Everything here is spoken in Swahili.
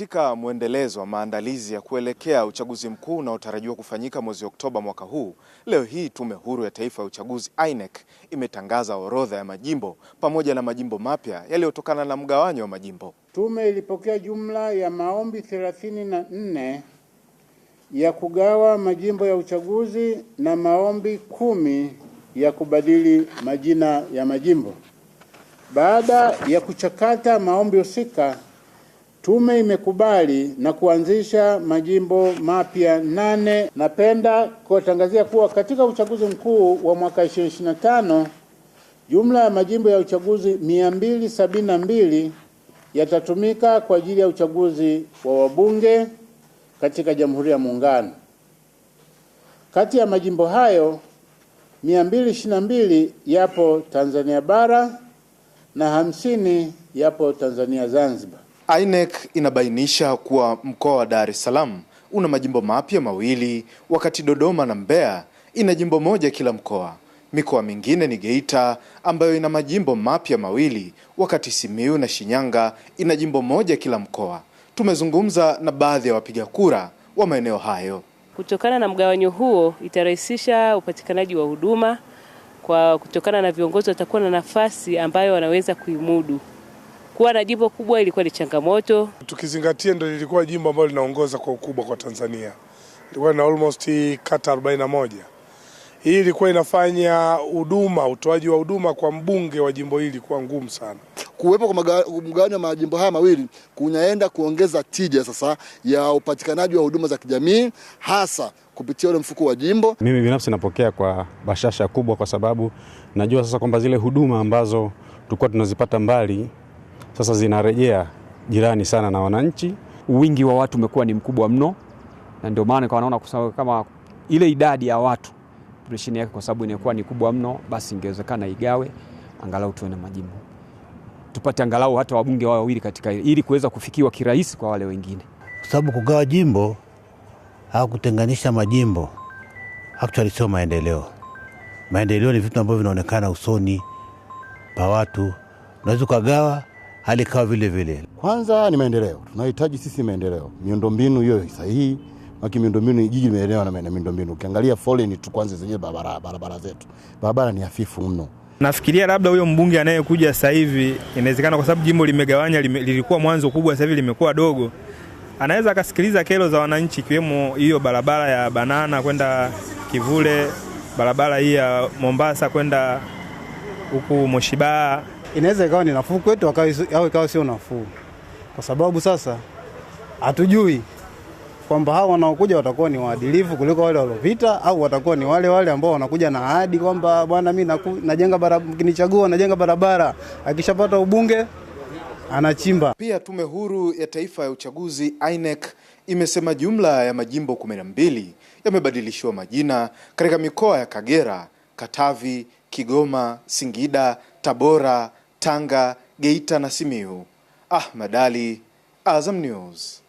Katika mwendelezo wa maandalizi ya kuelekea uchaguzi mkuu unaotarajiwa kufanyika mwezi Oktoba mwaka huu, leo hii Tume Huru ya Taifa ya Uchaguzi INEC imetangaza orodha ya majimbo pamoja na majimbo mapya yaliyotokana na mgawanyo wa majimbo. Tume ilipokea jumla ya maombi 34 ya kugawa majimbo ya uchaguzi na maombi kumi ya kubadili majina ya majimbo. Baada ya kuchakata maombi husika Tume imekubali na kuanzisha majimbo mapya nane. Napenda kuwatangazia kuwa katika uchaguzi mkuu wa mwaka 2025 jumla ya majimbo ya uchaguzi 272 yatatumika kwa ajili ya uchaguzi wa wabunge katika Jamhuri ya Muungano. Kati ya majimbo hayo 222 yapo Tanzania bara na hamsini yapo Tanzania Zanzibar. INEC inabainisha kuwa mkoa wa Dar es Salaam una majimbo mapya mawili wakati Dodoma na Mbeya ina jimbo moja kila mkoa. Mikoa mingine ni Geita ambayo ina majimbo mapya mawili wakati Simiyu na Shinyanga ina jimbo moja kila mkoa. Tumezungumza na baadhi ya wapiga kura wa maeneo hayo. Kutokana na mgawanyo huo itarahisisha upatikanaji wa huduma kwa kutokana na viongozi watakuwa na nafasi ambayo wanaweza kuimudu. Kuwa na jimbo kubwa ilikuwa ni changamoto, tukizingatia ndio lilikuwa jimbo ambalo linaongoza kwa ukubwa kwa Tanzania, ilikuwa na almost kata 41. Hii ilikuwa inafanya huduma, utoaji wa huduma kwa mbunge wa jimbo hili kuwa ngumu sana. Kuwepo kwa mgawanyo wa majimbo haya mawili kunaenda kuongeza tija sasa ya upatikanaji wa huduma za kijamii hasa kupitia ule mfuko wa jimbo. Mimi binafsi napokea kwa bashasha kubwa, kwa sababu najua sasa kwamba zile huduma ambazo tulikuwa tunazipata mbali sasa zinarejea jirani sana na wananchi. Wingi wa watu umekuwa ni mkubwa mno, na ndio maana kwa naona kama ile idadi ya watu operesheni yake, kwa sababu inakuwa ni kubwa mno, basi ingewezekana igawe angalau tuwe na majimbo, tupate angalau hata wabunge wao wawili katika ile, ili kuweza kufikiwa kirahisi kwa wale wengine, kwa sababu kugawa jimbo au kutenganisha majimbo actually sio maendeleo. Maendeleo ni vitu ambavyo vinaonekana usoni pa watu, unaweza ukagawa halikaa vile vile. Kwanza ni maendeleo, tunahitaji sisi maendeleo, miundombinu hiyo sahihi maki miundombinu jiji limeelewa na miundombinu. Ukiangalia foleni tu kwanza zenyewe barabara barabara zetu, barabara ni hafifu mno. Nafikiria labda huyo mbunge anayekuja sasa hivi, inawezekana kwa sababu jimbo limegawanya, lilikuwa mwanzo kubwa, sasa hivi limekuwa dogo, anaweza akasikiliza kero za wananchi, ikiwemo hiyo barabara ya Banana kwenda Kivule, barabara hii ya Mombasa kwenda huku moshibaa inaweza ikawa ni nafuu kwetu au ikawa sio nafuu, kwa sababu sasa hatujui kwamba hao wanaokuja watakuwa ni waadilifu kuliko wale waliopita, au watakuwa ni wale wale ambao wanakuja na ahadi kwamba bwana, mimi najenga barabara, mkinichagua najenga barabara, akishapata ubunge anachimba. Pia Tume Huru ya Taifa ya Uchaguzi INEC imesema jumla ya majimbo 12 yamebadilishiwa majina katika mikoa ya Kagera, Katavi, Kigoma, Singida, Tabora Tanga, Geita na simiu Ahmad Ali, Azam News.